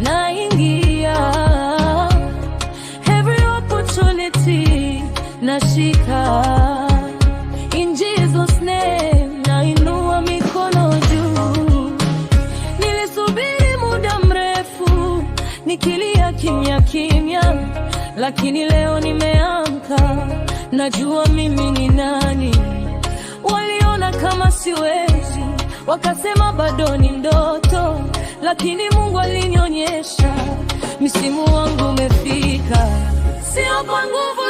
naingia nainua mikono juu. Nilisubiri muda mrefu nikilia kimya kimya, lakini leo nimeamka, najua mimi ni nani. Waliona kama siwezi, wakasema bado ni ndoto lakini Mungu alinionyesha msimu wangu umefika, sio kwa nguvu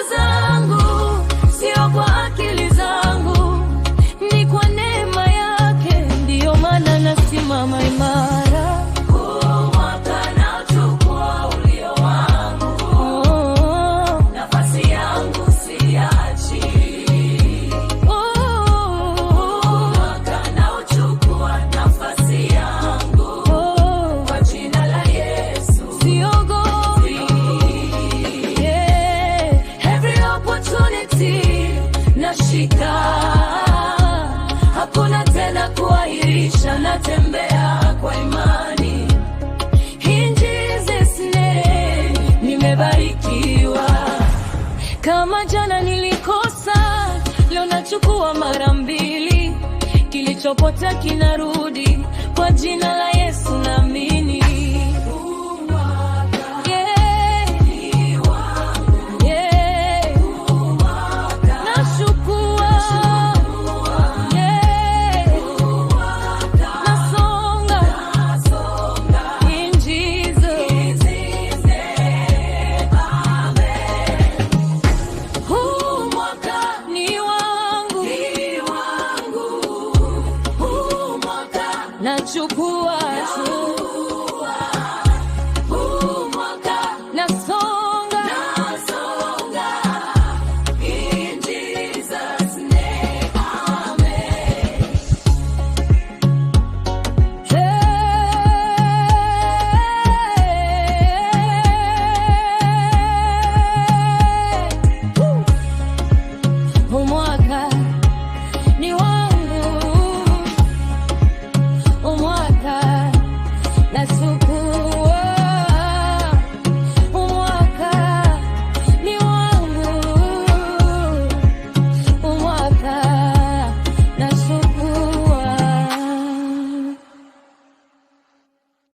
natembea kwa imani, In Jesus name nimebarikiwa. Kama jana nilikosa, leo nachukua mara mbili, kilichopotea kinarudi kwa jina la Yesu. nachukua tu